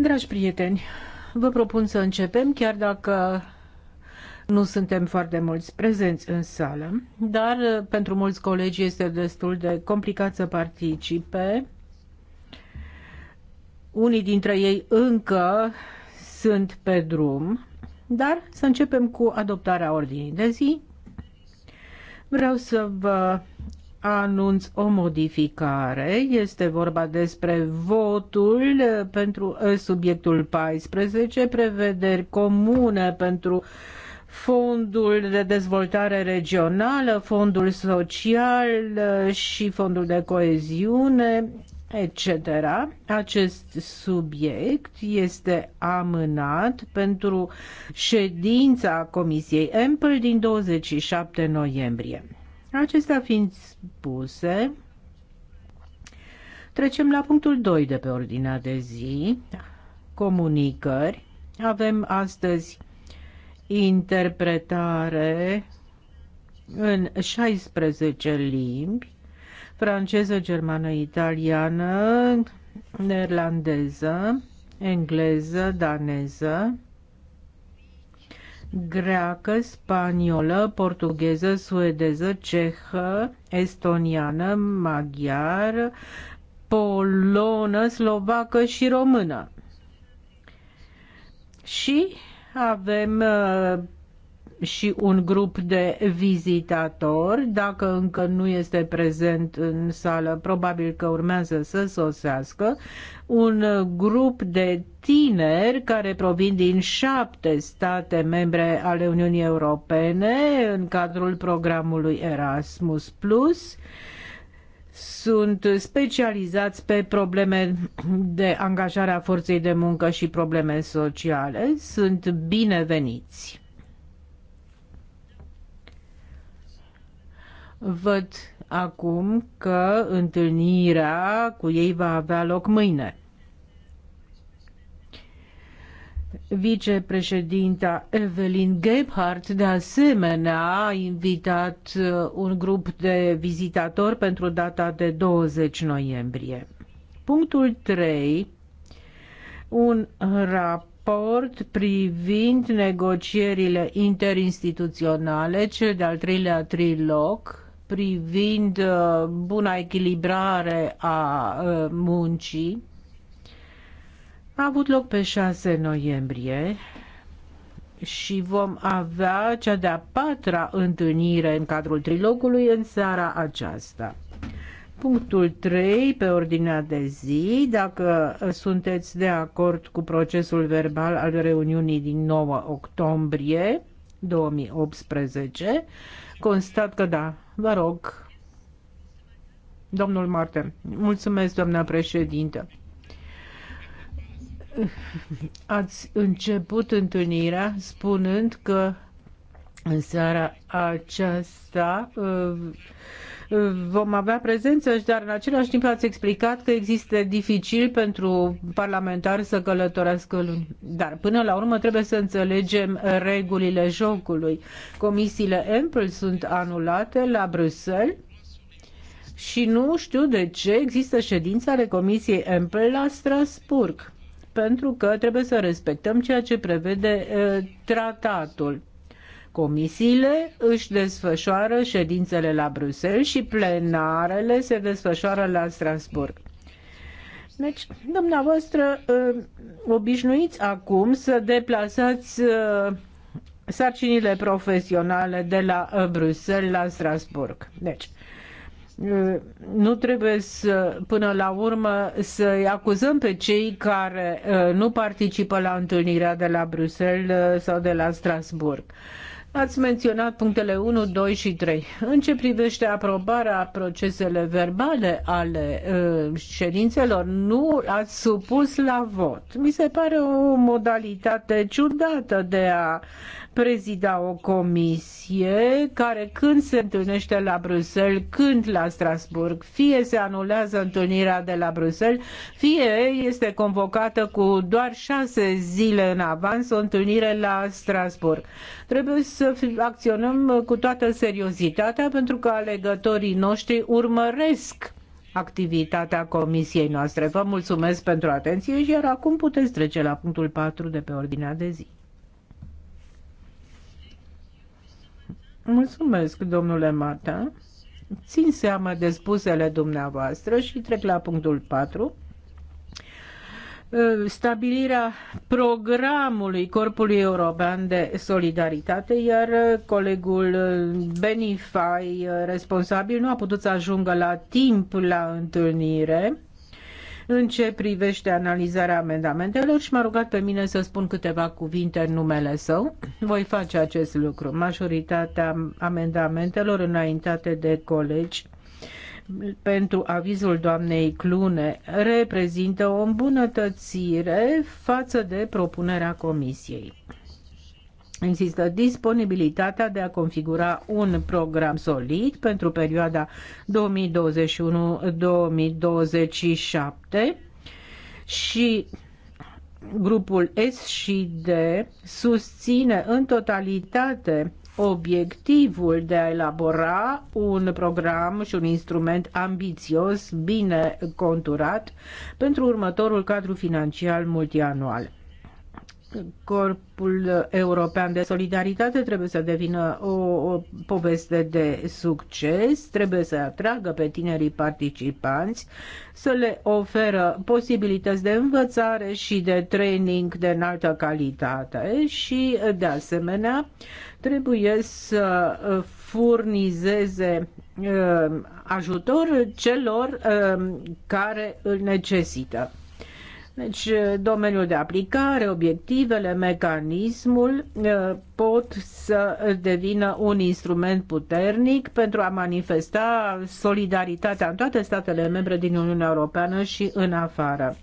Dragi prieteni, vă propun să începem, chiar dacă nu suntem foarte mulți prezenți în sală, dar pentru mulți colegi este destul de complicat să participe. Unii dintre ei încă sunt pe drum, dar să începem cu adoptarea ordinii de zi. Vreau să vă anunț o modificare. Este vorba despre votul pentru eh, subiectul 14, prevederi comune pentru Fondul de dezvoltare regională, fondul social eh, și fondul de coeziune, etc. Acest subiect este amânat pentru ședința Comisiei Empel din 27 noiembrie. Acestea fiind spuse, trecem la punctul 2 de pe ordinea de zi, comunicări. Avem astăzi interpretare în 16 limbi, franceză, germană, italiană, neerlandeză, engleză, daneză, greacă, spaniolă, portugheză, suedeză, cehă, estoniană, maghiară, polonă, slovacă și română. Și avem uh, și un grup de vizitatori. Dacă încă nu este prezent în sală, probabil că urmează să sosească. Un grup de tineri care provin din șapte state membre ale Uniunii Europene în cadrul programului Erasmus+ sunt specializați pe probleme de angajare a forței de muncă și probleme sociale, sunt bineveniți. Văd acum că întâlnirea cu ei va avea loc mâine. Vicepreședinta Evelyn Gebhardt de asemenea a invitat uh, un grup de vizitatori pentru data de 20 noiembrie. Punctul 3. Un raport privind negocierile interinstituționale, cel de-al treilea trilog, privind uh, buna echilibrare a uh, muncii a avut loc pe 6 noiembrie și vom avea cea de-a patra întâlnire în cadrul trilogului în seara aceasta. Punctul 3 pe ordinea de zi, dacă sunteți de acord cu procesul verbal al reuniunii din 9 octombrie 2018, constat că da, Vă rog, domnul Marte. Mulțumesc, doamna președinte. Ați început întâlnirea spunând că în seara aceasta uh, vom avea prezență, dar în același timp ați explicat că există dificil pentru parlamentari să călătorească luni. Dar până la urmă trebuie să înțelegem regulile jocului. Comisiile Ample sunt anulate la Bruxelles și nu știu de ce există ședința ale Comisiei Ample la Strasburg pentru că trebuie să respectăm ceea ce prevede uh, tratatul. Comisiile își desfășoară ședințele la Bruxelles și plenarele se desfășoară la Strasburg. Deci, dumneavoastră, uh, obișnuiți acum să deplasați uh, sarcinile profesionale de la uh, Bruxelles la Strasburg. Deci, nu trebuie să, până la urmă să-i acuzăm pe cei care nu participă la întâlnirea de la Bruxelles sau de la Strasburg. Ați menționat punctele 1, 2 și 3. În ce privește aprobarea procesele verbale ale uh, ședințelor, nu ați supus la vot. Mi se pare o modalitate ciudată de a prezida o comisie care când se întâlnește la Bruxelles, când la Strasburg, fie se anulează întâlnirea de la Bruxelles, fie este convocată cu doar șase zile în avans o întâlnire la Strasburg. Trebuie să acționăm cu toată seriozitatea pentru că alegătorii noștri urmăresc activitatea comisiei noastre. Vă mulțumesc pentru atenție, iar acum puteți trece la punctul 4 de pe ordinea de zi. Mulțumesc, domnule Marta. Țin seama de spusele dumneavoastră și trec la punctul 4 uh, stabilirea programului Corpului European de Solidaritate, iar colegul Benifai, uh, responsabil, nu a putut să ajungă la timp la întâlnire. În ce privește analizarea amendamentelor și m-a rugat pe mine să spun câteva cuvinte în numele său, voi face acest lucru. Majoritatea amendamentelor înaintate de colegi pentru avizul doamnei Clune reprezintă o îmbunătățire față de propunerea comisiei. Există disponibilitatea de a configura un program solid pentru perioada 2021-2027 și grupul S și D susține în totalitate obiectivul de a elabora un program și un instrument ambițios, bine conturat pentru următorul cadru financiar multianual. Corpul European de Solidaritate trebuie să devină o, o poveste de succes, trebuie să atragă pe tinerii participanți, să le oferă posibilități de învățare și de training de înaltă calitate și, de asemenea, trebuie să furnizeze uh, ajutor celor uh, care îl necesită. Deci, domeniul de aplicare, obiectivele, mecanismul pot să devină un instrument puternic pentru a manifesta solidaritatea în toate statele membre din Uniunea Europeană și în afară.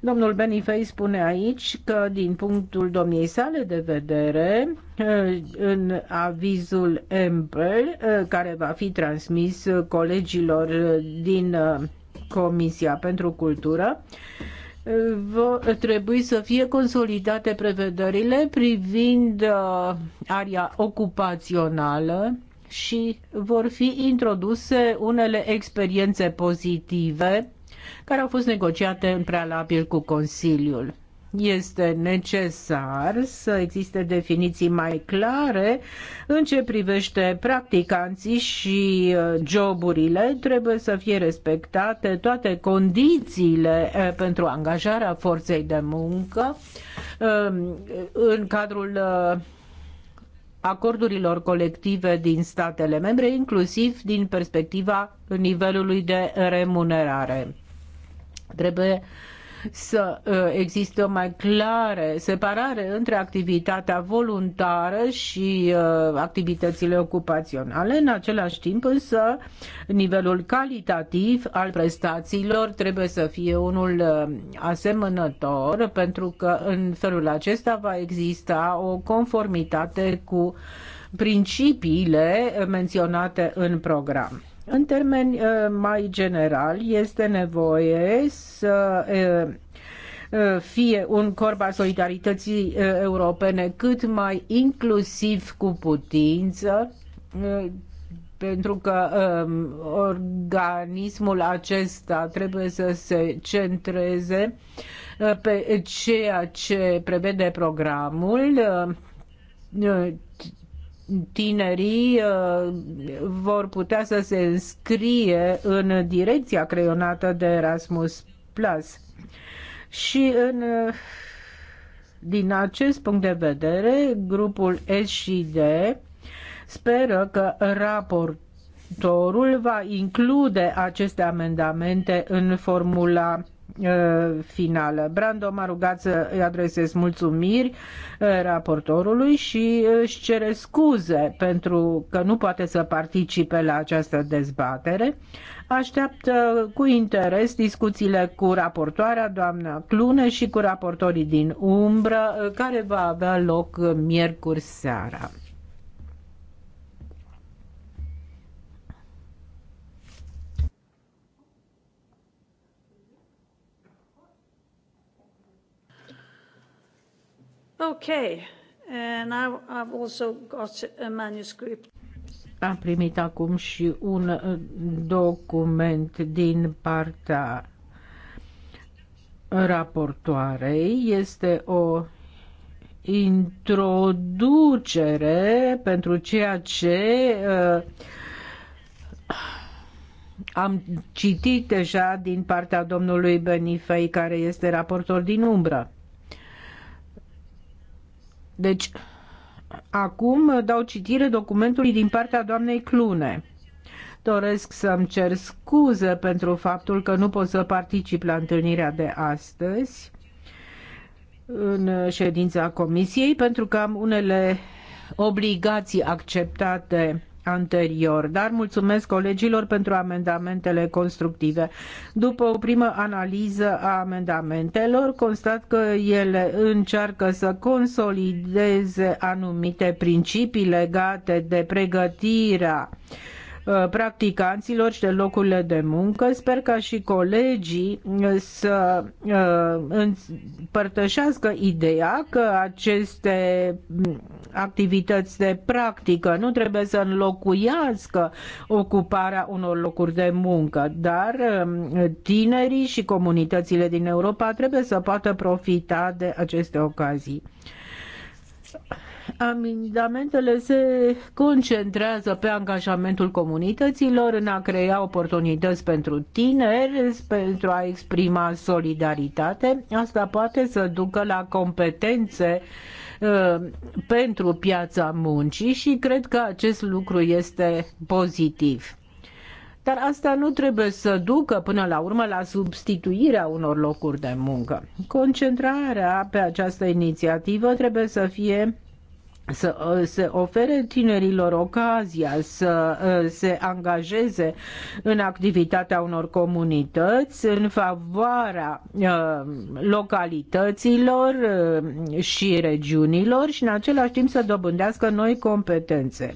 Domnul Benifei spune aici că, din punctul domniei sale de vedere, în avizul Empel, care va fi transmis colegilor din Comisia pentru Cultură, vor trebui să fie consolidate prevederile privind uh, aria ocupațională și vor fi introduse unele experiențe pozitive care au fost negociate în prealabil cu Consiliul. Este necesar să existe definiții mai clare în ce privește practicanții și uh, joburile. Trebuie să fie respectate toate condițiile uh, pentru angajarea forței de muncă um, în cadrul uh, acordurilor colective din statele membre, inclusiv din perspectiva nivelului de remunerare. Trebuie să uh, existe o mai clară separare între activitatea voluntară și uh, activitățile ocupaționale. În același timp însă nivelul calitativ al prestațiilor trebuie să fie unul uh, asemănător pentru că în felul acesta va exista o conformitate cu principiile menționate în program. În termeni uh, mai general, este nevoie să uh, uh, fie un corp al solidarității europene cât mai inclusiv cu putință, pentru că um, organismul acesta trebuie să se centreze pe ceea ce prevede programul, tinerii uh, vor putea să se înscrie în direcția creionată de Erasmus Plus. Și în, uh, din acest punct de vedere, grupul S speră că raportorul va include aceste amendamente în formula Uh, finală. Brando m-a rugat să îi adresez mulțumiri uh, raportorului și uh, își cere scuze pentru că nu poate să participe la această dezbatere. Așteaptă cu interes discuțiile cu raportoarea doamna Clune și cu raportorii din umbră, care va avea loc miercuri seara. Okay. now I've also got a manuscript. Am primit acum și un uh, document din partea raportoarei. Este o introducere pentru ceea ce uh, am citit deja din partea domnului Benifei, care este raportor din umbră. Deci, acum dau citire documentului din partea doamnei Clune. Doresc să-mi cer scuze pentru faptul că nu pot să particip la întâlnirea de astăzi în ședința comisiei pentru că am unele obligații acceptate anterior, dar mulțumesc colegilor pentru amendamentele constructive. După o primă analiză a amendamentelor, constat că ele încearcă să consolideze anumite principii legate de pregătirea uh, Uh, practicanților și de locurile de muncă. Sper ca și colegii uh, să uh, împărtășească ideea că aceste mm, activități de practică nu trebuie să înlocuiască ocuparea unor locuri de muncă, dar um, tinerii și comunitățile din Europa trebuie să poată profita de aceste ocazii. Amendamentele se concentrează pe angajamentul comunităților în a crea oportunități pentru tineri, pentru a exprima solidaritate. Asta poate să ducă la competențe uh, pentru piața muncii și cred că acest lucru este pozitiv. Dar asta nu trebuie să ducă până la urmă la substituirea unor locuri de muncă. Concentrarea pe această inițiativă trebuie să fie să uh, se ofere tinerilor ocazia să uh, se angajeze în activitatea unor comunități în favoarea uh, localităților și regiunilor și în același timp să dobândească noi competențe.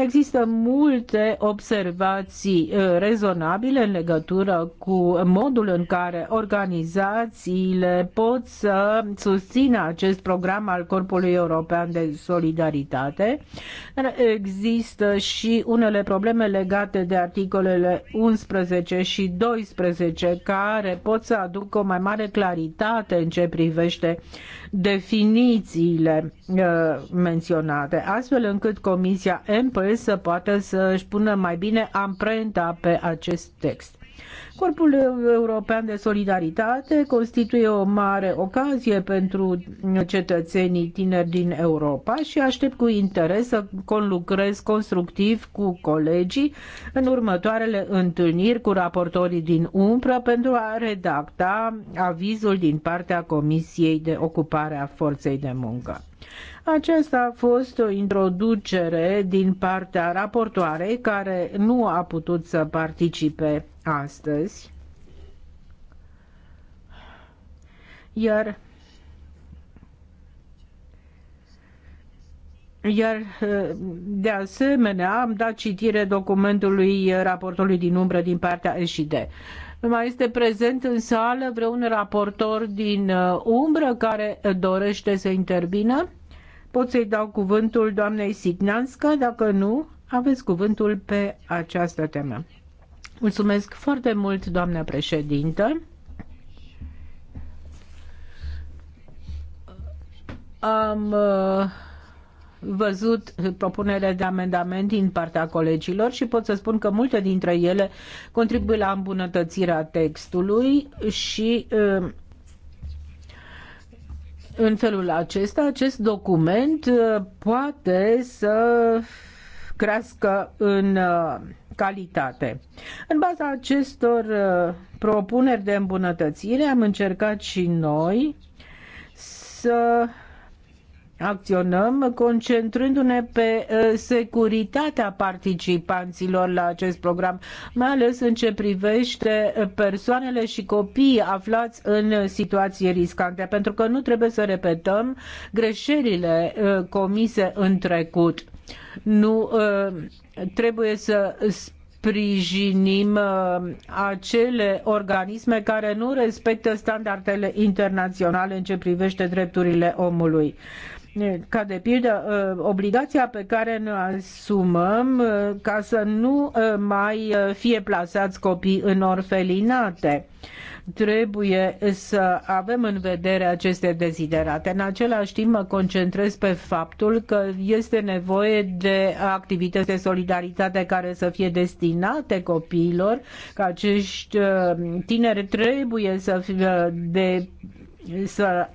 Există multe observații uh, rezonabile în legătură cu modul în care organizațiile pot să susțină acest program al Corpului European de Solidaritate. Există și unele probleme legate de articolele 11 și 12 care pot să aducă o mai mare claritate în ce privește definițiile uh, menționate, astfel încât Comisia Ample astfel să poată să își pună mai bine amprenta pe acest text. Corpul European de Solidaritate constituie o mare ocazie pentru cetățenii tineri din Europa și aștept cu interes să conlucrez constructiv cu colegii în următoarele întâlniri cu raportorii din umbră pentru a redacta avizul din partea Comisiei de Ocupare a Forței de Muncă. Aceasta a fost o introducere din partea raportoarei care nu a putut să participe astăzi. Iar Iar uh, de asemenea am dat citire documentului raportului din umbră din partea SID. Mai este prezent în sală vreun raportor din uh, umbră care dorește să intervină? Pot să-i dau cuvântul doamnei Signanscă? dacă nu, aveți cuvântul pe această temă. Mulțumesc foarte mult, doamna președintă. Am uh, văzut propunerea de amendament din partea colegilor și pot să spun că multe dintre ele contribuie la îmbunătățirea textului și um, în felul acesta acest document uh, poate să crească în uh, calitate. În baza acestor uh, propuneri de îmbunătățire am încercat și noi să acționăm concentrându-ne pe uh, securitatea participanților la acest program, mai ales în ce privește uh, persoanele și copiii aflați în situații riscante, pentru că nu trebuie să repetăm greșelile uh, comise în trecut. Nu trebuie să sprijinim acele organisme care nu respectă standardele internaționale în ce privește drepturile omului ca de pildă ă, obligația pe care ne asumăm ă, ca să nu ă, mai fie plasați copii în orfelinate. Trebuie să avem în vedere aceste deziderate. În același timp mă concentrez pe faptul că este nevoie de activități de solidaritate care să fie destinate copiilor, că acești tineri trebuie să, fie de, să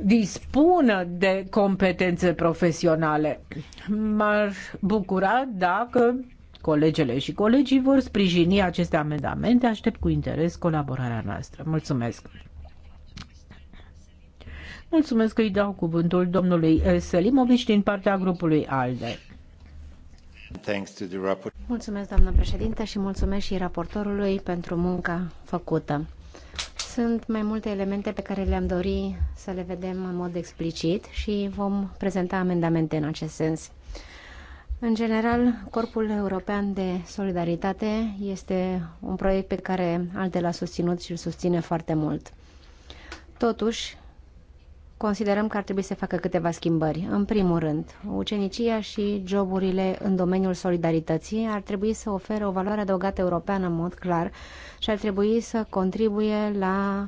dispună de competențe profesionale. M-ar bucura dacă colegele și colegii vor sprijini aceste amendamente. Aștept cu interes colaborarea noastră. Mulțumesc! Mulțumesc că îi dau cuvântul domnului eh, Selimovici din partea grupului ALDE. Mulțumesc, doamnă președinte, și mulțumesc și raportorului pentru munca făcută. Sunt mai multe elemente pe care le-am dori să le vedem în mod explicit și vom prezenta amendamente în acest sens. În general, Corpul European de Solidaritate este un proiect pe care l a susținut și îl susține foarte mult. Totuși, considerăm că ar trebui să facă câteva schimbări. În primul rând, ucenicia și joburile în domeniul solidarității ar trebui să ofere o valoare adăugată europeană în mod clar și ar trebui să contribuie la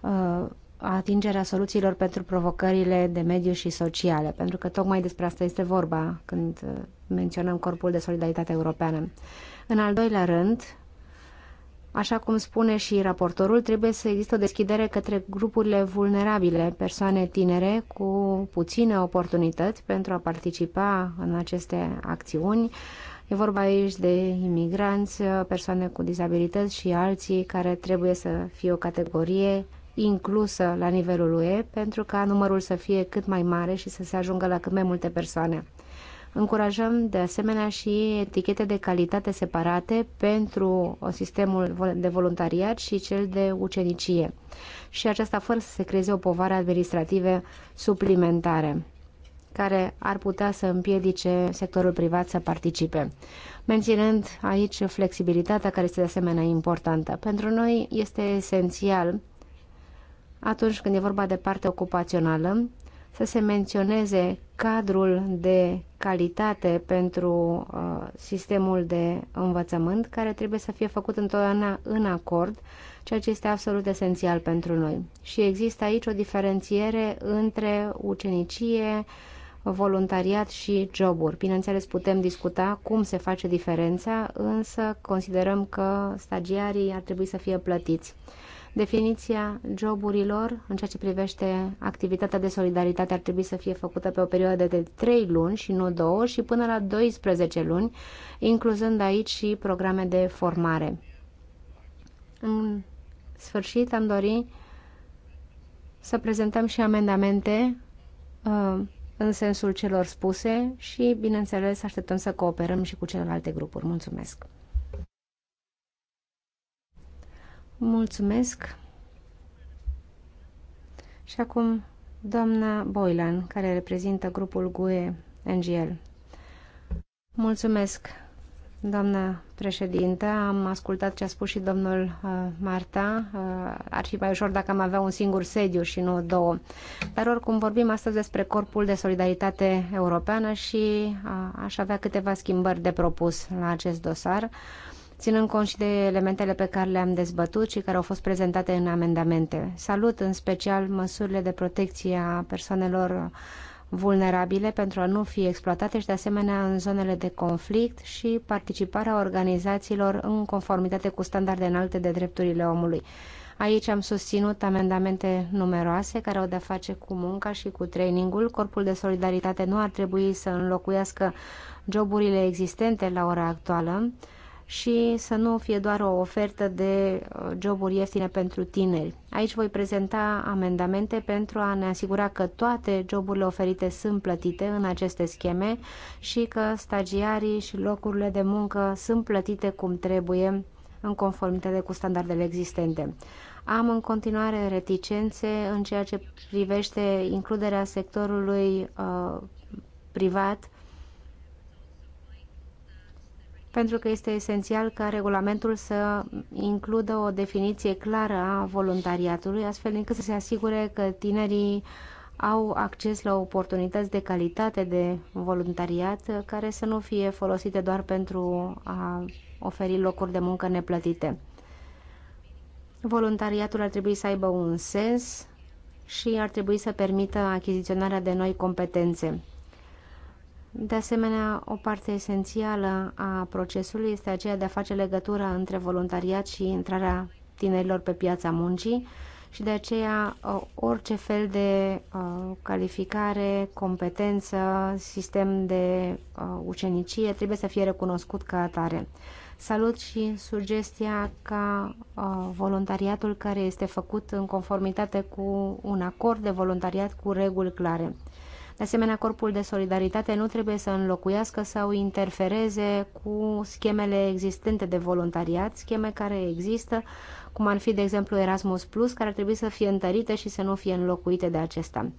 uh, atingerea soluțiilor pentru provocările de mediu și sociale, pentru că tocmai despre asta este vorba când uh, menționăm Corpul de Solidaritate Europeană. În al doilea rând, Așa cum spune și raportorul, trebuie să există o deschidere către grupurile vulnerabile, persoane tinere cu puține oportunități pentru a participa în aceste acțiuni. E vorba aici de imigranți, persoane cu dizabilități și alții care trebuie să fie o categorie inclusă la nivelul UE pentru ca numărul să fie cât mai mare și să se ajungă la cât mai multe persoane. Încurajăm de asemenea și etichete de calitate separate pentru sistemul de voluntariat și cel de ucenicie. Și aceasta fără să se creeze o povară administrative suplimentare care ar putea să împiedice sectorul privat să participe. Menținând aici flexibilitatea care este de asemenea importantă. Pentru noi este esențial atunci când e vorba de parte ocupațională să se menționeze cadrul de calitate pentru uh, sistemul de învățământ, care trebuie să fie făcut întotdeauna în acord, ceea ce este absolut esențial pentru noi. Și există aici o diferențiere între ucenicie, voluntariat și joburi. Bineînțeles, putem discuta cum se face diferența, însă considerăm că stagiarii ar trebui să fie plătiți. Definiția joburilor în ceea ce privește activitatea de solidaritate ar trebui să fie făcută pe o perioadă de 3 luni și nu 2 și până la 12 luni, incluzând aici și programe de formare. În sfârșit am dorit să prezentăm și amendamente uh, în sensul celor spuse și, bineînțeles, așteptăm să cooperăm și cu celelalte grupuri. Mulțumesc! Mulțumesc. Și acum doamna Boylan, care reprezintă grupul GUE NGL. Mulțumesc, doamna președintă. Am ascultat ce a spus și domnul uh, Marta. Uh, ar fi mai ușor dacă am avea un singur sediu și nu două. Dar oricum vorbim astăzi despre Corpul de Solidaritate Europeană și uh, aș avea câteva schimbări de propus la acest dosar. Uh, ținând cont și de elementele pe care le-am dezbătut și care au fost prezentate în amendamente. Salut în special măsurile de protecție a persoanelor vulnerabile pentru a nu fi exploatate și de asemenea în zonele de conflict și participarea organizațiilor în conformitate cu standarde înalte de drepturile omului. Aici am susținut amendamente numeroase care au de-a face cu munca și cu trainingul. Corpul de solidaritate nu ar trebui să înlocuiască joburile existente la ora actuală și să nu fie doar o ofertă de uh, joburi ieftine pentru tineri. Aici voi prezenta amendamente pentru a ne asigura că toate joburile oferite sunt plătite în aceste scheme și că stagiarii și locurile de muncă sunt plătite cum trebuie în conformitate cu standardele existente. Am în continuare reticențe în ceea ce privește includerea sectorului uh, privat pentru că este esențial ca regulamentul să includă o definiție clară a voluntariatului, astfel încât să se asigure că tinerii au acces la oportunități de calitate de voluntariat care să nu fie folosite doar pentru a oferi locuri de muncă neplătite. Voluntariatul ar trebui să aibă un sens și ar trebui să permită achiziționarea de noi competențe. De asemenea, o parte esențială a procesului este aceea de a face legătura între voluntariat și intrarea tinerilor pe piața muncii și de aceea orice fel de calificare, competență, sistem de ucenicie trebuie să fie recunoscut ca atare. Salut și sugestia ca voluntariatul care este făcut în conformitate cu un acord de voluntariat cu reguli clare. De asemenea, Corpul de Solidaritate nu trebuie să înlocuiască sau interfereze cu schemele existente de voluntariat, scheme care există, cum ar fi, de exemplu, Erasmus Plus, care ar trebui să fie întărite și să nu fie înlocuite de acesta.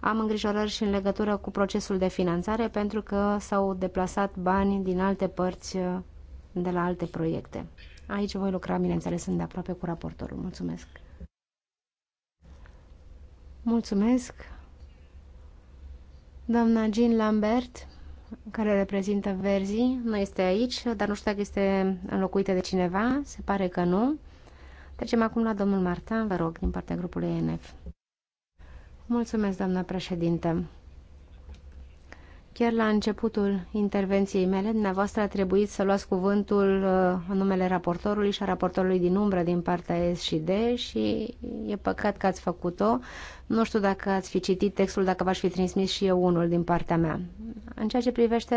Am îngrijorări și în legătură cu procesul de finanțare, pentru că s-au deplasat bani din alte părți de la alte proiecte. Aici voi lucra, bineînțeles, sunt de aproape cu raportorul. Mulțumesc! Mulțumesc! Doamna Jean Lambert, care reprezintă Verzi, nu este aici, dar nu știu dacă este înlocuită de cineva, se pare că nu. Trecem acum la domnul Martin, vă rog, din partea grupului ENF. Mulțumesc, doamna președinte. Chiar la începutul intervenției mele, dumneavoastră a trebuit să luați cuvântul uh, în numele raportorului și a raportorului din umbră din partea S și D și e păcat că ați făcut-o. Nu știu dacă ați fi citit textul, dacă v-aș fi transmis și eu unul din partea mea. În ceea ce privește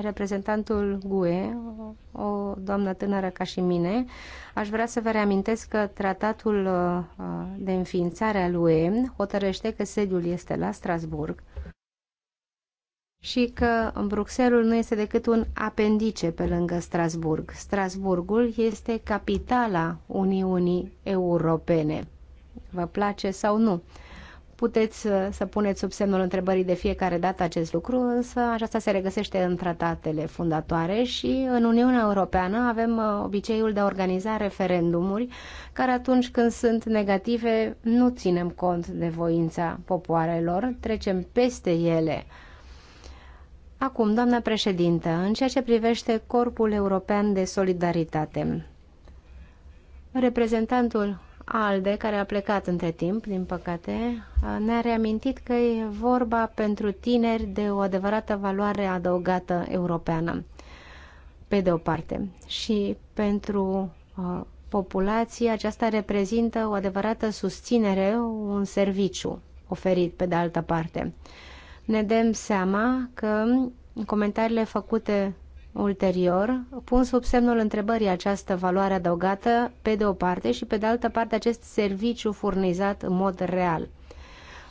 reprezentantul GUE, o doamnă tânără ca și mine, aș vrea să vă reamintesc că tratatul uh, de înființare al UE hotărăște că sediul este la Strasburg, și că Bruxelles nu este decât un apendice pe lângă Strasburg. Strasburgul este capitala Uniunii Europene. Vă place sau nu? Puteți să puneți sub semnul întrebării de fiecare dată acest lucru, însă aceasta se regăsește în tratatele fundatoare și în Uniunea Europeană avem uh, obiceiul de a organiza referendumuri care atunci când sunt negative nu ținem cont de voința popoarelor, trecem peste ele Acum, doamna președintă, în ceea ce privește Corpul European de Solidaritate, reprezentantul ALDE, care a plecat între timp, din păcate, ne-a reamintit că e vorba pentru tineri de o adevărată valoare adăugată europeană, pe de o parte. Și pentru uh, populație aceasta reprezintă o adevărată susținere, un serviciu oferit, pe de altă parte. Uh, ne dăm seama că comentariile făcute ulterior pun sub semnul întrebării această valoare adăugată pe de o parte și pe de altă parte acest serviciu furnizat în mod real.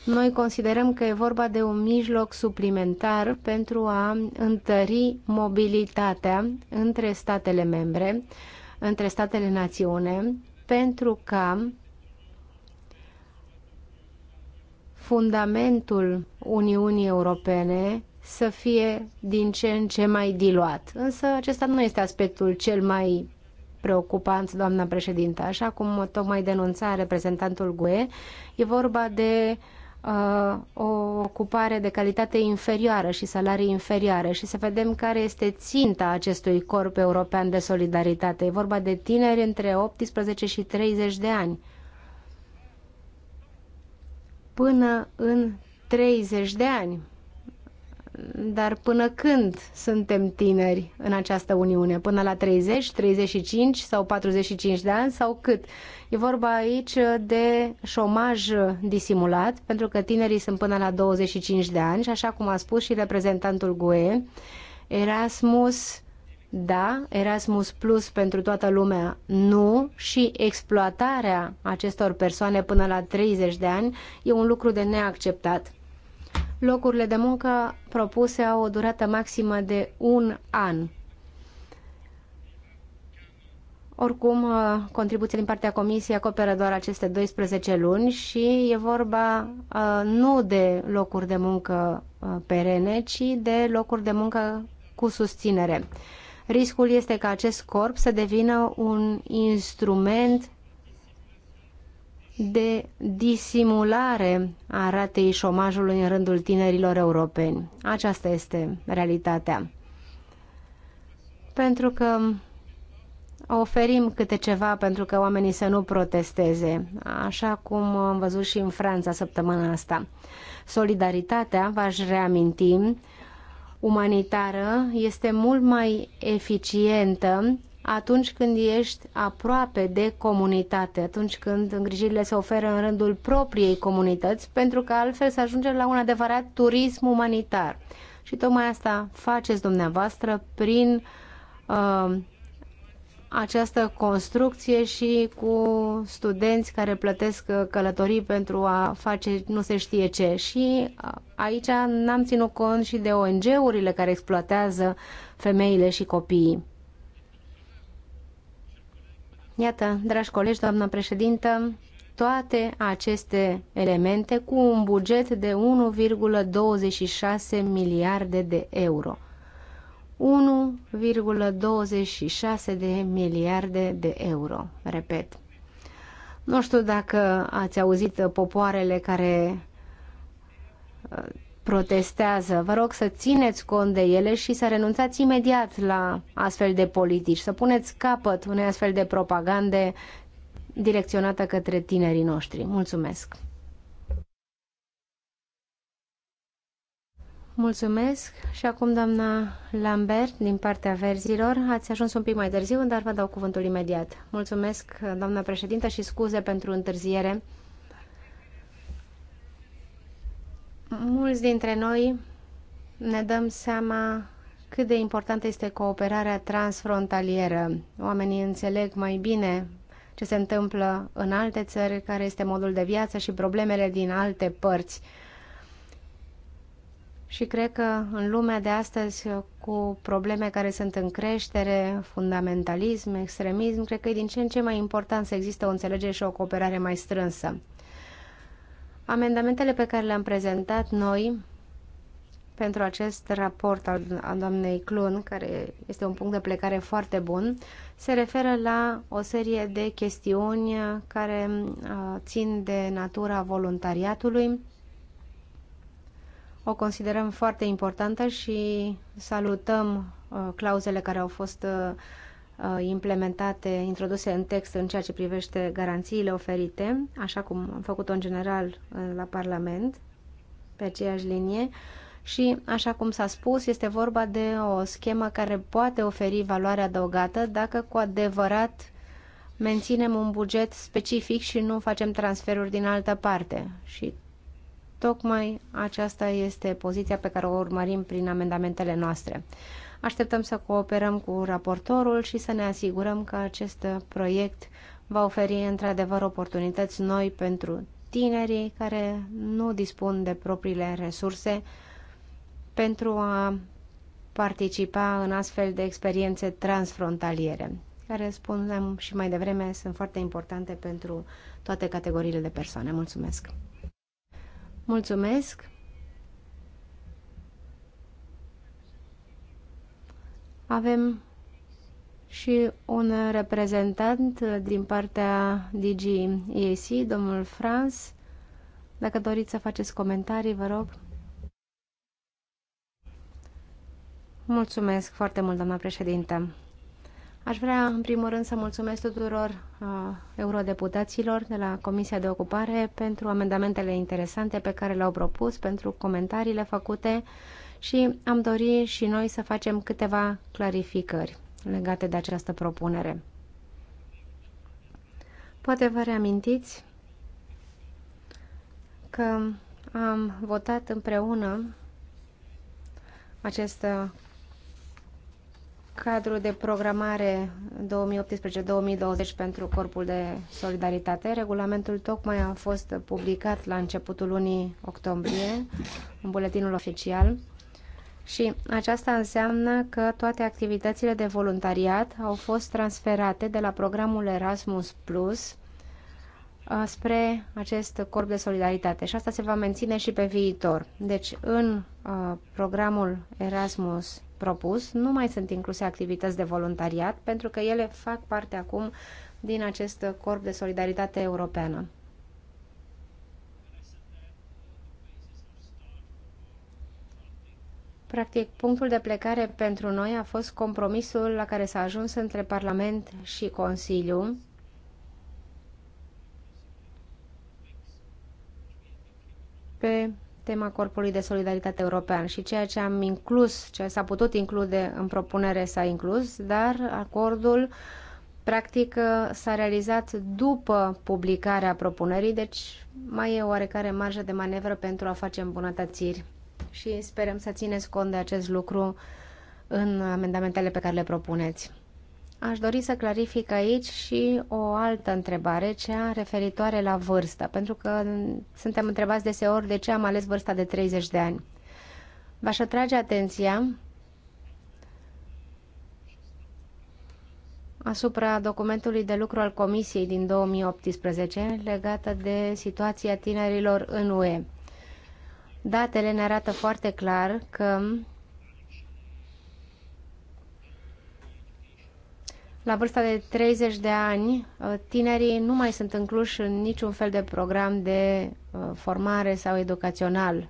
Noi considerăm că e vorba de un mijloc suplimentar pentru a întări mobilitatea între statele membre, între statele națiune, pentru ca fundamentul Uniunii Europene să fie din ce în ce mai diluat. Însă acesta nu este aspectul cel mai preocupant, doamna președintă. Așa cum tocmai denunța reprezentantul GUE, e vorba de uh, o ocupare de calitate inferioară și salarii inferioare și să vedem care este ținta acestui corp european de solidaritate. E vorba de tineri între 18 și 30 de ani până în 30 de ani. Dar până când suntem tineri în această Uniune? Până la 30, 35 sau 45 de ani sau cât? E vorba aici de șomaj disimulat, pentru că tinerii sunt până la 25 de ani și așa cum a spus și reprezentantul GUE, Erasmus da, Erasmus Plus pentru toată lumea, nu, și exploatarea acestor persoane până la 30 de ani e un lucru de neacceptat. Locurile de muncă propuse au o durată maximă de un an. Oricum, uh, contribuția din partea Comisiei acoperă doar aceste 12 luni și e vorba uh, nu de locuri de muncă uh, perene, ci de locuri de muncă cu susținere. Riscul este ca acest corp să devină un instrument de disimulare a ratei șomajului în rândul tinerilor europeni. Aceasta este realitatea. Pentru că oferim câte ceva pentru că oamenii să nu protesteze, așa cum am văzut și în Franța săptămâna asta. Solidaritatea, v-aș reaminti, umanitară este mult mai eficientă atunci când ești aproape de comunitate, atunci când îngrijirile se oferă în rândul propriei comunități, pentru că altfel se ajunge la un adevărat turism umanitar. Și tocmai asta faceți dumneavoastră prin uh, această construcție și cu studenți care plătesc uh, călătorii pentru a face nu se știe ce. Și uh, aici n-am ținut cont și de ONG-urile care exploatează femeile și copiii. Iată, dragi colegi, doamnă președintă, toate aceste elemente cu un buget de 1,26 miliarde de euro. 1,26 de miliarde de euro. Repet. Nu știu dacă ați auzit popoarele care uh, protestează. Vă rog să țineți cont de ele și să renunțați imediat la astfel de politici, să puneți capăt unei astfel de propagande direcționată către tinerii noștri. Mulțumesc! Mulțumesc. Și acum, doamna Lambert, din partea verzilor, ați ajuns un pic mai târziu, dar vă dau cuvântul imediat. Mulțumesc, doamna președintă, și scuze pentru întârziere. Mulți dintre noi ne dăm seama cât de importantă este cooperarea transfrontalieră. Oamenii înțeleg mai bine ce se întâmplă în alte țări, care este modul de viață și problemele din alte părți și cred că în lumea de astăzi, cu probleme care sunt în creștere, fundamentalism, extremism, cred că e din ce în ce mai important să există o înțelegere și o cooperare mai strânsă. Amendamentele pe care le-am prezentat noi pentru acest raport al, al doamnei Clun, care este un punct de plecare foarte bun, se referă la o serie de chestiuni care uh, țin de natura voluntariatului, o considerăm foarte importantă și salutăm uh, clauzele care au fost uh, uh, implementate, introduse în text în ceea ce privește garanțiile oferite, așa cum am făcut-o în general la Parlament, pe aceeași linie. Și, așa cum s-a spus, este vorba de o schemă care poate oferi valoare adăugată dacă cu adevărat menținem un buget specific și nu facem transferuri din altă parte. Și Tocmai aceasta este poziția pe care o urmărim prin amendamentele noastre. Așteptăm să cooperăm cu raportorul și să ne asigurăm că acest proiect va oferi într-adevăr oportunități noi pentru tinerii care nu dispun de propriile resurse pentru a participa în astfel de experiențe transfrontaliere, care, spunem și mai devreme, sunt foarte importante pentru toate categoriile de persoane. Mulțumesc! Mulțumesc! Avem și un reprezentant din partea DG domnul Franz. Dacă doriți să faceți comentarii, vă rog. Mulțumesc foarte mult, doamna președintă. Aș vrea, în primul rând, să mulțumesc tuturor uh, eurodeputaților de la Comisia de Ocupare pentru amendamentele interesante pe care le-au propus, pentru comentariile făcute și am dori și noi să facem câteva clarificări legate de această propunere. Poate vă reamintiți că am votat împreună acest cadrul de programare 2018-2020 pentru Corpul de Solidaritate. Regulamentul tocmai a fost publicat la începutul lunii octombrie în buletinul oficial și aceasta înseamnă că toate activitățile de voluntariat au fost transferate de la programul Erasmus Plus spre acest corp de solidaritate și asta se va menține și pe viitor. Deci în uh, programul Erasmus propus, nu mai sunt incluse activități de voluntariat, pentru că ele fac parte acum din acest corp de solidaritate europeană. Practic, punctul de plecare pentru noi a fost compromisul la care s-a ajuns între Parlament și Consiliu. Pe tema Corpului de Solidaritate European și ceea ce am inclus, ce s-a putut include în propunere s-a inclus, dar acordul practic s-a realizat după publicarea propunerii, deci mai e oarecare marjă de manevră pentru a face îmbunătățiri și sperăm să țineți cont de acest lucru în amendamentele pe care le propuneți. Aș dori să clarific aici și o altă întrebare, cea referitoare la vârstă, pentru că suntem întrebați deseori de ce am ales vârsta de 30 de ani. V-aș atrage atenția asupra documentului de lucru al Comisiei din 2018 legată de situația tinerilor în UE. Datele ne arată foarte clar că la vârsta de 30 de ani, uh, tinerii nu mai sunt incluși în niciun fel de program de uh, formare sau educațional.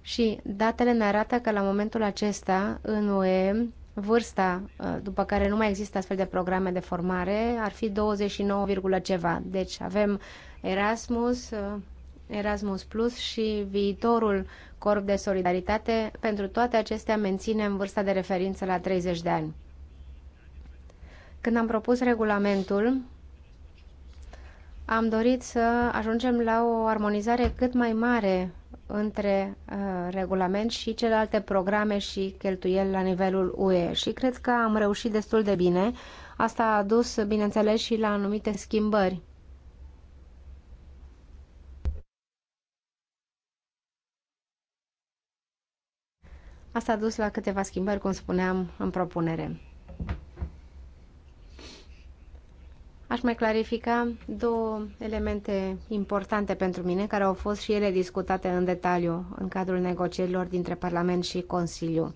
Și datele ne arată că la momentul acesta, în UE, vârsta uh, după care nu mai există astfel de programe de formare ar fi 29, ceva. Deci avem Erasmus, Erasmus Plus și viitorul Corp de Solidaritate. Pentru toate acestea menținem vârsta de referință la 30 de ani. Când am propus regulamentul, am dorit să ajungem la o armonizare cât mai mare între uh, regulament și celelalte programe și cheltuieli la nivelul UE și cred că am reușit destul de bine. Asta a dus, bineînțeles, și la anumite schimbări. Asta a dus la câteva schimbări, cum spuneam, în propunere. Aș mai clarifica două elemente importante pentru mine, care au fost și ele discutate în detaliu în cadrul negocierilor dintre Parlament și Consiliu.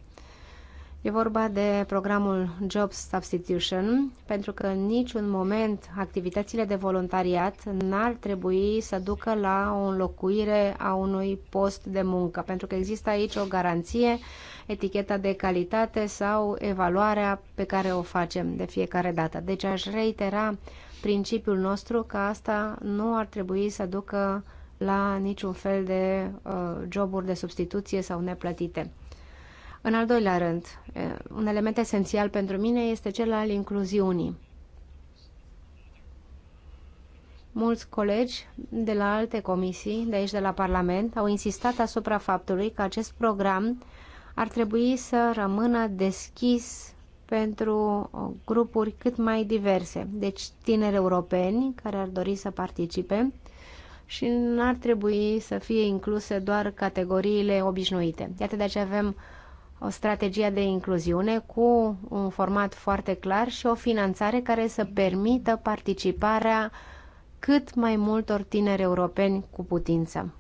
E vorba de programul Job Substitution, pentru că în niciun moment activitățile de voluntariat n-ar trebui să ducă la o înlocuire a unui post de muncă, pentru că există aici o garanție, eticheta de calitate sau evaluarea pe care o facem de fiecare dată. Deci aș reitera principiul nostru că asta nu ar trebui să ducă la niciun fel de uh, joburi de substituție sau neplătite. În al doilea rând, un element esențial pentru mine este cel al incluziunii. Mulți colegi de la alte comisii, de aici de la Parlament, au insistat asupra faptului că acest program ar trebui să rămână deschis pentru uh, grupuri cât mai diverse. Deci tineri europeni care ar dori să participe și nu ar trebui să fie incluse doar categoriile obișnuite. Iată de aceea avem o strategie de incluziune cu un format foarte clar și o finanțare care să permită participarea cât mai multor tineri europeni cu putință.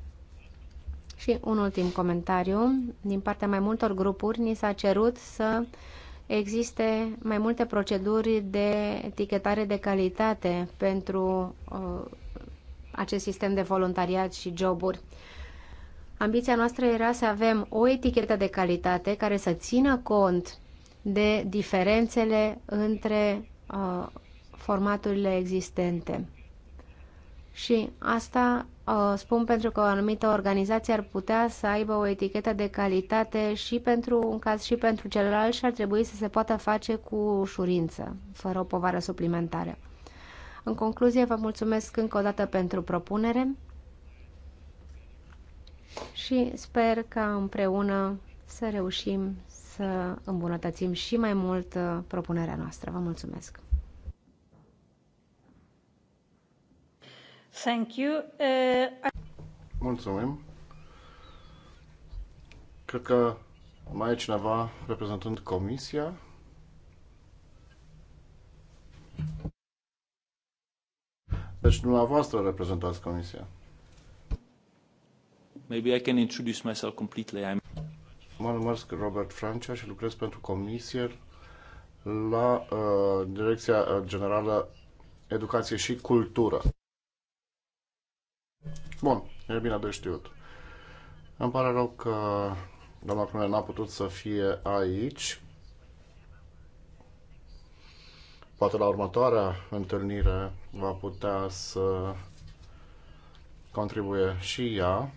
Și un ultim comentariu. Din partea mai multor grupuri ni s-a cerut să uh, existe mai multe proceduri de etichetare de calitate pentru uh, acest sistem de voluntariat și joburi. Ambiția noastră era să avem o etichetă de calitate care să țină cont de diferențele între uh, formaturile existente. Și asta Uh, spun pentru că o anumită organizație ar putea să aibă o etichetă de calitate și pentru un caz și pentru celălalt și ar trebui să se poată face cu ușurință, fără o povară suplimentară. În concluzie, vă mulțumesc încă o dată pentru propunere și sper că împreună să reușim să îmbunătățim și mai mult uh, propunerea noastră. Vă mulțumesc! Uh, Mulțumim. Cred că mai e cineva reprezentând comisia. Deci dumneavoastră reprezentați comisia. Maybe I can introduce myself completely. I'm... Mă numesc Robert Francia și lucrez pentru comisie la uh, Direcția Generală Educație și Cultură. Bun, e bine de știut. Îmi pare rău că doamna Prune n-a putut să fie aici. Poate la următoarea întâlnire va putea să contribuie și ea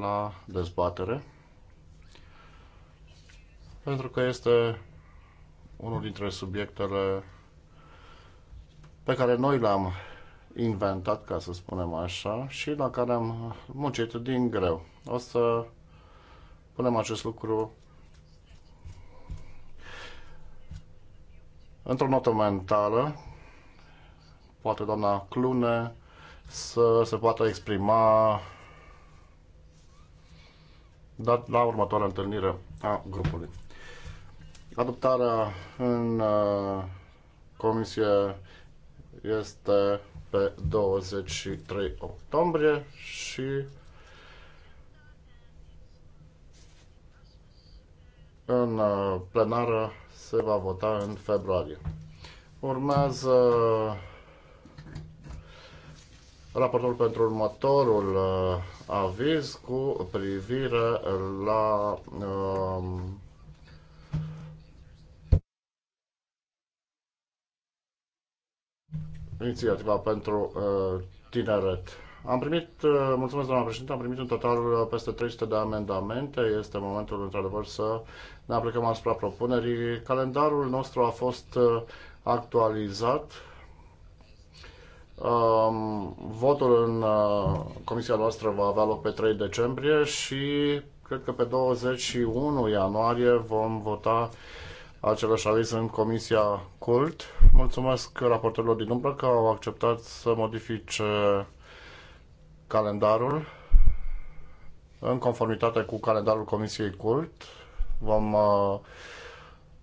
la dezbatere. Pentru că este unul dintre subiectele pe care noi le-am inventat, ca să spunem așa, și la care am muncit din greu. O să punem acest lucru într-o notă mentală. Poate doamna Clune să se poată exprima dar la următoarea întâlnire a grupului. Adoptarea în uh, comisie este pe 23 octombrie și în uh, plenară se va vota în februarie. Urmează raportul pentru următorul uh, aviz cu privire la uh, inițiativa pentru uh, tineret. Am primit, uh, mulțumesc doamna președinte, am primit în total uh, peste 300 de amendamente. Este momentul într-adevăr să ne aplicăm asupra propunerii. Calendarul nostru a fost actualizat. Um, votul în comisia noastră va avea loc pe 3 decembrie și cred că pe 21 ianuarie vom vota același aviz în Comisia CULT. Mulțumesc raportorilor din umbră că au acceptat să modifice calendarul în conformitate cu calendarul Comisiei CULT. Vom uh,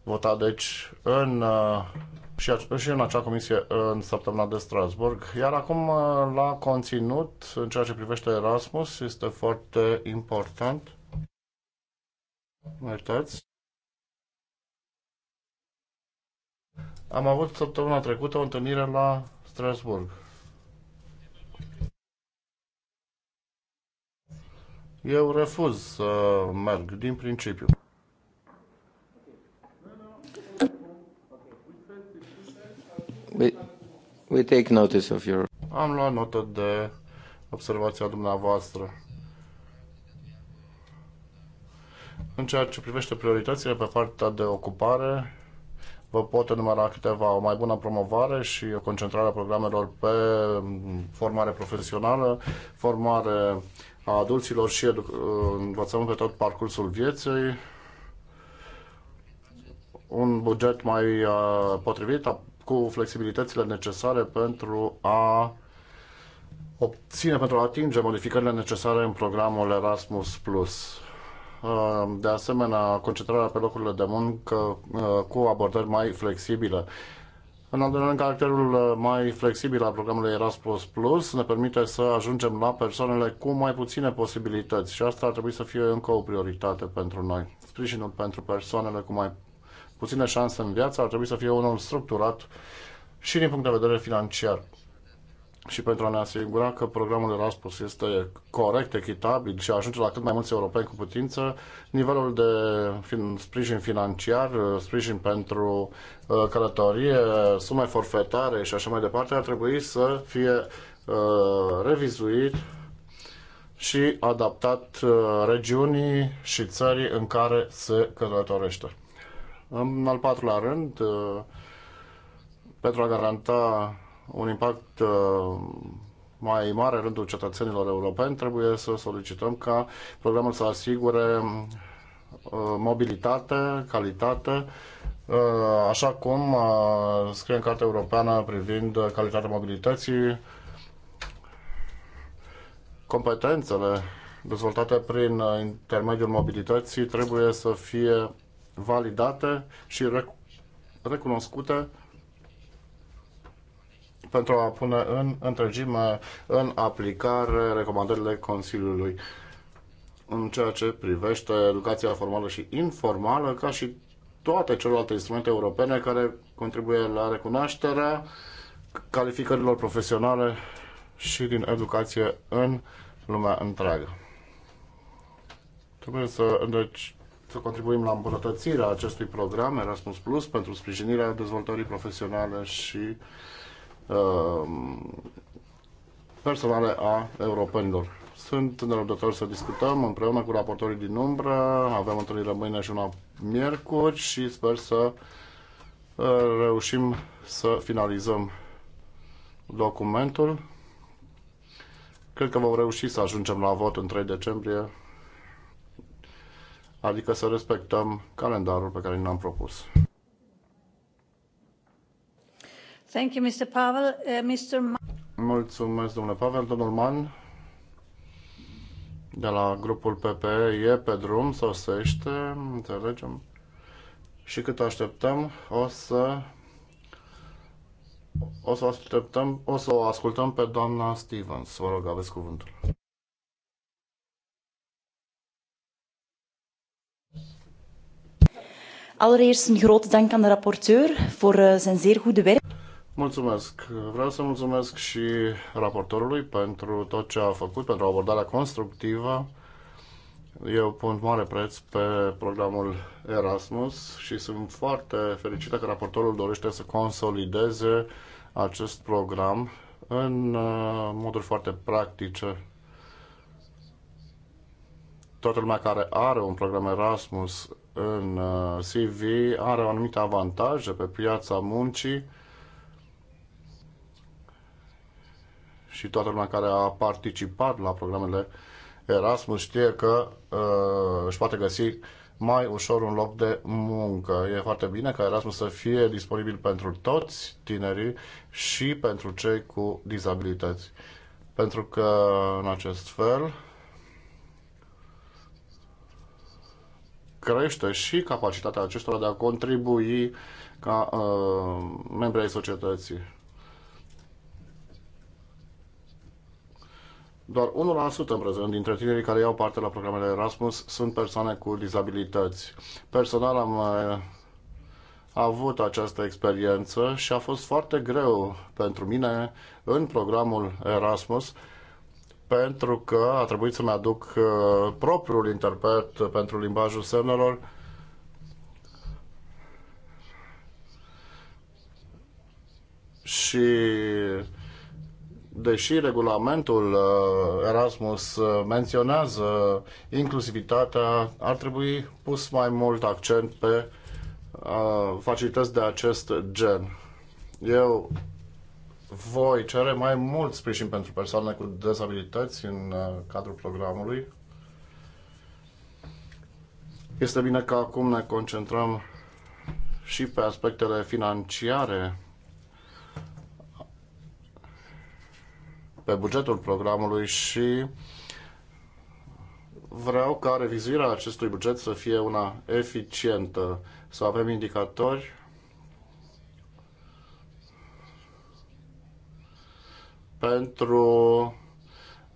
vota deci în, uh, și, și în acea comisie în săptămâna de Strasburg. Iar acum uh, la conținut, în ceea ce privește Erasmus, este foarte important. Mă iertați. Am avut săptămâna trecută o întâlnire la Strasburg. Eu refuz să merg, din principiu. We, we take notice of your... Am luat notă de observația dumneavoastră. În ceea ce privește prioritățile pe partea de ocupare, vă pot enumera câteva, o mai bună promovare și o concentrare a programelor pe formare profesională, formare a adulților și învățământ pe tot parcursul vieții, un buget mai uh, potrivit cu flexibilitățile necesare pentru a obține, pentru a atinge modificările necesare în programul Erasmus+. Ehm, de asemenea concentrarea pe locurile de muncă eh, cu abordări mai flexibile. În al doilea rând, caracterul eh, mai flexibil al programului Erasmus Plus ne permite să ajungem la persoanele cu mai puține posibilități și asta ar trebui să fie încă o prioritate pentru noi. Sprijinul pentru persoanele cu mai puține șanse în viață ar trebui să fie unul structurat și din punct de vedere financiar și pentru a ne asigura că programul Erasmus este corect, echitabil și ajunge la cât mai mulți europeni cu putință, nivelul de fin, sprijin financiar, uh, sprijin pentru uh, călătorie, sume forfetare și așa mai departe ar trebui să fie uh, revizuit și adaptat uh, regiunii și țării în care se călătorește. În al patrulea rând, pentru a garanta un impact uh, mai mare în rândul cetățenilor europeni, trebuie să solicităm ca programul să asigure uh, mobilitate, calitate, uh, așa cum scrie în Cartea Europeană privind calitatea mobilității, competențele dezvoltate prin intermediul mobilității trebuie să fie validate și recunoscute pentru a pune în întregime în aplicare recomandările Consiliului în ceea ce privește educația formală și informală, ca și toate celelalte instrumente europene care contribuie la recunoașterea calificărilor profesionale și din educație în lumea întreagă. Trebuie să, deci, să contribuim la îmbunătățirea acestui program Erasmus Plus pentru sprijinirea dezvoltării profesionale și Um, personale a europenilor. Sunt nerăbdători să discutăm împreună cu raportorii din umbră. Avem întâlnire mâine și una miercuri și sper să uh, reușim să finalizăm documentul. Cred că vom reuși să ajungem la vot în 3 decembrie, adică să respectăm calendarul pe care ne-am propus. Uh, Mulțumesc, domnule Pavel. Domnul Mann de la grupul PPE e pe drum, sosește, înțelegem. Și cât așteptăm, o să o să așteptăm, o să o ascultăm pe doamna Stevens. Vă rog, aveți cuvântul. Allereerst een groot dank aan de rapporteur voor eh, zijn zeer goede werk. Mulțumesc. Vreau să mulțumesc și raportorului pentru tot ce a făcut, pentru abordarea constructivă. Eu pun mare preț pe programul Erasmus și sunt foarte fericită că raportorul dorește să consolideze acest program în uh, moduri foarte practice. Toată lumea care are un program Erasmus în uh, CV are anumite avantaje pe piața muncii și toată lumea care a participat la programele Erasmus știe că uh, își poate găsi mai ușor un loc de muncă. E foarte bine ca Erasmus să fie disponibil pentru toți tinerii și pentru cei cu dizabilități. Pentru că în acest fel crește și capacitatea acestora de a contribui ca uh, membri ai societății. Doar 1% în prezent dintre tinerii care iau parte la programele Erasmus sunt persoane cu dizabilități. Personal am uh, avut această experiență și a fost foarte greu pentru mine în programul Erasmus pentru că a trebuit să-mi aduc uh, propriul interpret pentru limbajul semnelor și deși regulamentul uh, Erasmus uh, menționează inclusivitatea, ar trebui pus mai mult accent pe uh, facilități de acest gen. Eu voi cere mai mult sprijin pentru persoane cu dezabilități în cadrul programului. Este bine că acum ne concentrăm și pe aspectele financiare pe bugetul programului și vreau ca revizuirea acestui buget să fie una eficientă, să avem indicatori pentru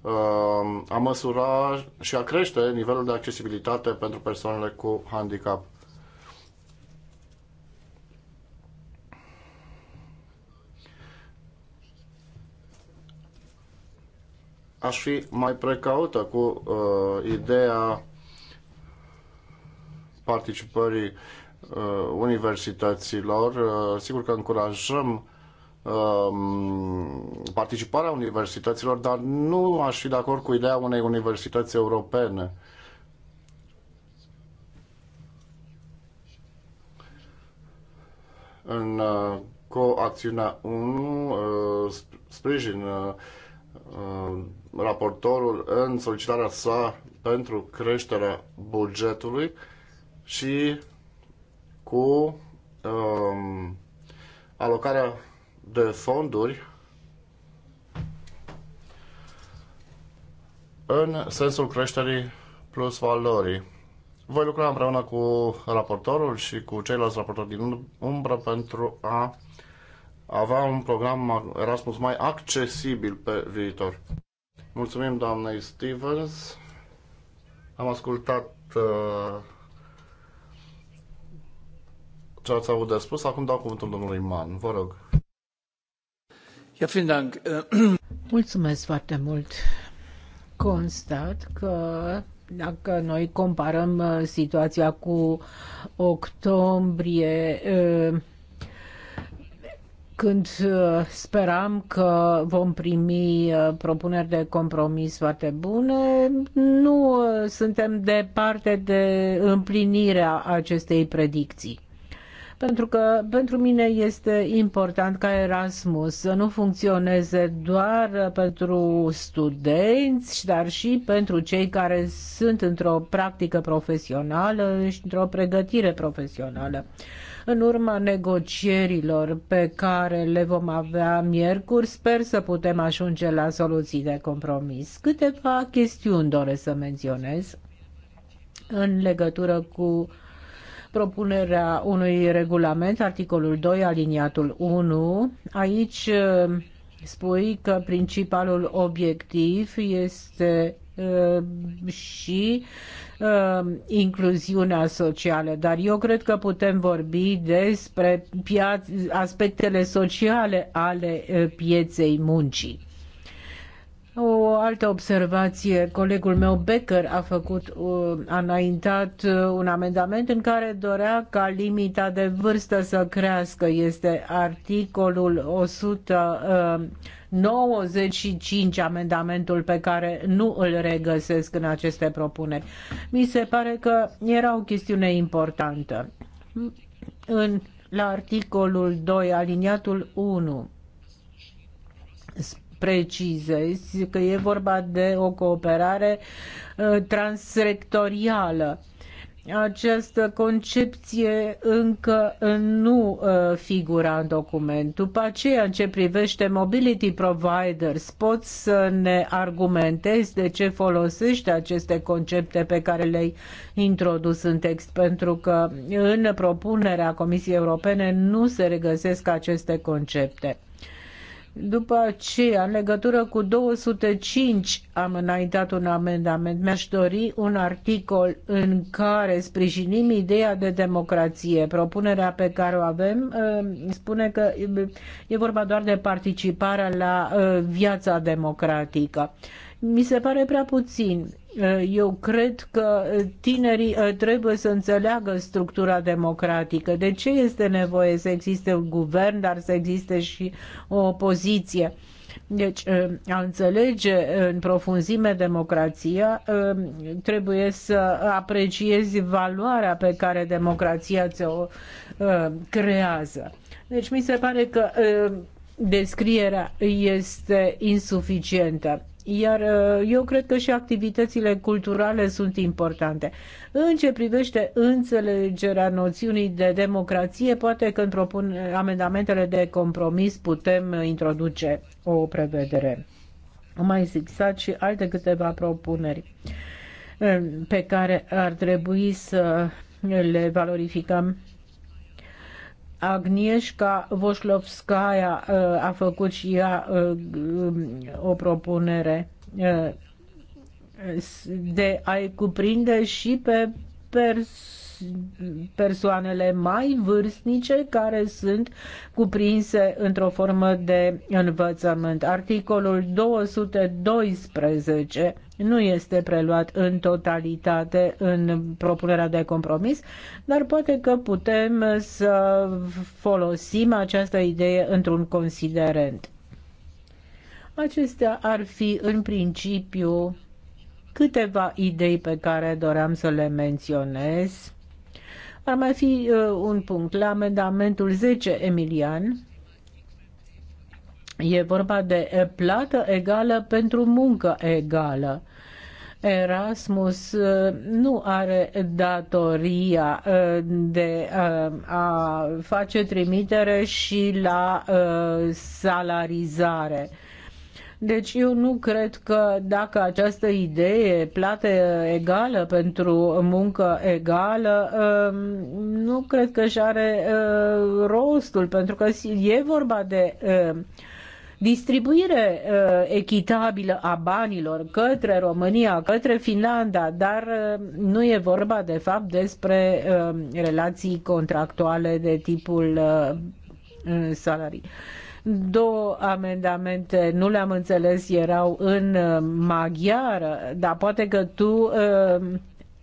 uh, a măsura și a crește nivelul de accesibilitate pentru persoanele cu handicap. aș fi mai precaută cu uh, ideea participării uh, universităților. Uh, sigur că încurajăm uh, participarea universităților, dar nu aș fi de acord cu ideea unei universități europene. În uh, coacțiunea 1, uh, sprijin uh, uh raportorul în solicitarea sa pentru creșterea bugetului și cu um, alocarea de fonduri în sensul creșterii plus valorii. Voi lucra împreună cu raportorul și cu ceilalți raportori din umbră pentru a avea un program Erasmus mai accesibil pe viitor. Mulțumim doamnei Stevens. Am ascultat uh, ce ați avut de spus. Acum dau cuvântul domnului Mann. Vă rog. Mulțumesc foarte mult. Constat că dacă noi comparăm uh, situația cu octombrie, uh, când uh, speram că vom primi uh, propuneri de compromis foarte bune, nu uh, suntem departe de împlinirea acestei predicții pentru că pentru mine este important ca Erasmus să nu funcționeze doar pentru studenți, dar și pentru cei care sunt într-o practică profesională și într-o pregătire profesională. În urma negocierilor pe care le vom avea miercuri, sper să putem ajunge la soluții de compromis. Câteva chestiuni doresc să menționez în legătură cu propunerea unui regulament, articolul 2, aliniatul 1. Aici uh, spui că principalul obiectiv este uh, și uh, incluziunea socială, dar eu cred că putem vorbi despre aspectele sociale ale pieței muncii. O altă observație, colegul meu Becker a făcut, a înaintat un amendament în care dorea ca limita de vârstă să crească. Este articolul 195, uh, amendamentul pe care nu îl regăsesc în aceste propuneri. Mi se pare că era o chestiune importantă. În, la articolul 2, aliniatul 1, precizez că e vorba de o cooperare uh, transsectorială. Această concepție încă nu uh, figura în document. După aceea, în ce privește mobility providers, poți să ne argumentezi de ce folosești aceste concepte pe care le-ai introdus în text, pentru că în propunerea Comisiei Europene nu se regăsesc aceste concepte. După aceea, în legătură cu 205, am înaintat un amendament. Mi-aș dori un articol în care sprijinim ideea de democrație. Propunerea pe care o avem uh, spune că uh, e vorba doar de participarea la uh, viața democratică. Mi se pare prea puțin Eh, eu cred că eh, tinerii eh, trebuie să înțeleagă structura democratică. De ce este nevoie să existe un guvern, dar să existe și o opoziție? Deci, a înțelege în profunzime democrația, trebuie să apreciezi valoarea pe care democrația ți-o creează. Deci, mi se pare că descrierea este insuficientă. Iar uh, eu cred că și activitățile culturale sunt importante. În ce privește înțelegerea noțiunii de democrație, poate că în amendamentele de compromis putem introduce o prevedere. Am mai existat și alte câteva propuneri uh, pe care ar trebui să le valorificăm Agnieszka Voslovskaya a făcut și ea o propunere de a-i cuprinde și pe persoane persoanele mai vârstnice care sunt cuprinse într-o formă de învățământ. Articolul 212 nu este preluat în totalitate în propunerea de compromis, dar poate că putem să folosim această idee într-un considerent. Acestea ar fi în principiu câteva idei pe care doream să le menționez. Ar mai fi uh, un punct la amendamentul 10 Emilian. E vorba de plată egală pentru muncă egală. Erasmus uh, nu are datoria uh, de uh, a face trimitere și la salarizare. Deci eu nu cred că dacă această idee, plată egală pentru muncă egală, um, nu cred că și are rostul, pentru că e vorba de distribuire uh, echitabilă a banilor către România, către Finlanda, dar uh, nu e vorba de fapt despre uh, relații contractuale de tipul salarii două amendamente, nu le-am înțeles, erau în maghiară, dar poate că tu uh,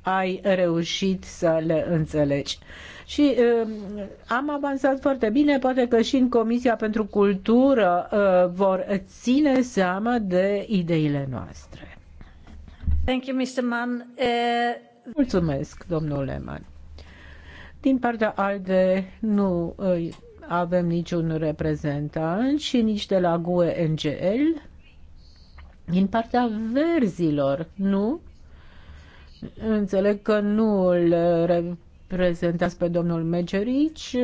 ai reușit să le înțelegi și uh, am avansat foarte bine, poate că și în Comisia pentru Cultură uh, vor ține seama de ideile noastre. Thank you, Mr. Mann. Uh, Mulțumesc, domnule Mann. Din partea ALDE nu avem niciun reprezentant și nici de la GUE NGL. Din partea verzilor, nu? Înțeleg că nu îl prezentați pe domnul Megerici.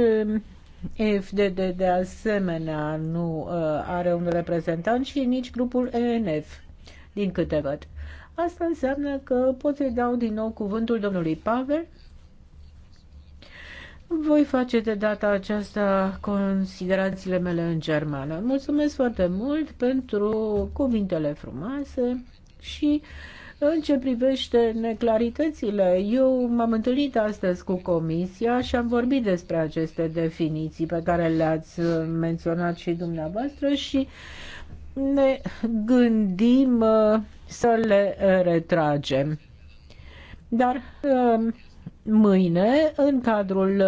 FDD de asemenea nu uh, are un reprezentant și nici grupul ENF, din câte văd. Asta înseamnă că pot să-i dau din nou cuvântul domnului Pavel. Voi face de data aceasta considerațiile mele în germană. Mulțumesc foarte mult pentru cuvintele frumoase și uh, în ce privește neclaritățile, eu m-am întâlnit astăzi cu Comisia și am vorbit despre aceste definiții pe care le-ați uh, menționat și dumneavoastră și ne gândim uh, să le uh, retragem. Dar mâine, în cadrul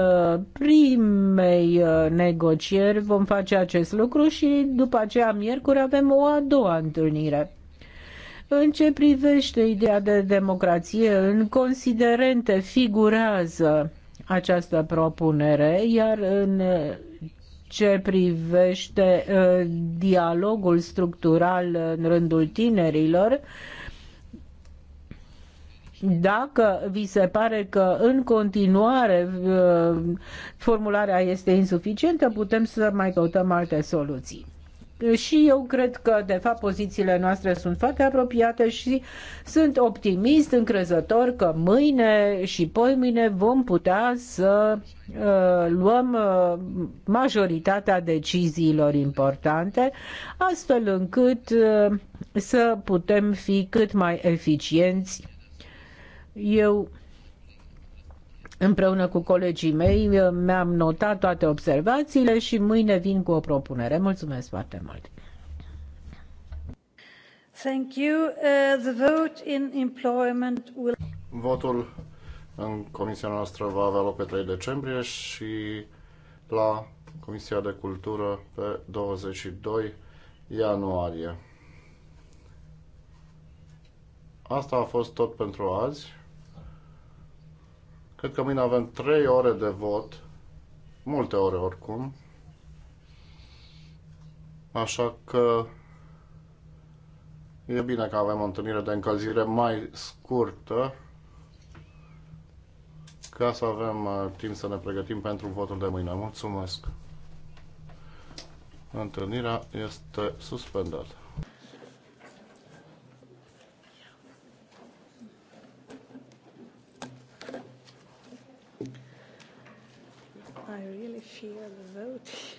primei negocieri, vom face acest lucru și după aceea, miercuri, avem o a doua întâlnire. În ce privește ideea de democrație, în considerente figurează această propunere, iar în ce privește ă, dialogul structural în rândul tinerilor, dacă vi se pare că în continuare ă, formularea este insuficientă, putem să mai căutăm alte soluții și eu cred că, de fapt, pozițiile noastre sunt foarte apropiate și sunt optimist, încrezător că mâine și poimâine vom putea să uh, luăm uh, majoritatea deciziilor importante, astfel încât uh, să putem fi cât mai eficienți. Eu Împreună cu colegii mei uh, mi-am notat toate observațiile și mâine vin cu o propunere. Mulțumesc foarte mult! Thank you. Uh, the vote in employment will... Votul în comisia noastră va avea loc pe 3 decembrie și la Comisia de Cultură pe 22 ianuarie. Asta a fost tot pentru azi. Cred că mâine avem 3 ore de vot, multe ore oricum, așa că e bine că avem o întâlnire de încălzire mai scurtă ca să avem uh, timp să ne pregătim pentru votul de mâine. Mulțumesc! Întâlnirea este suspendată. the vote.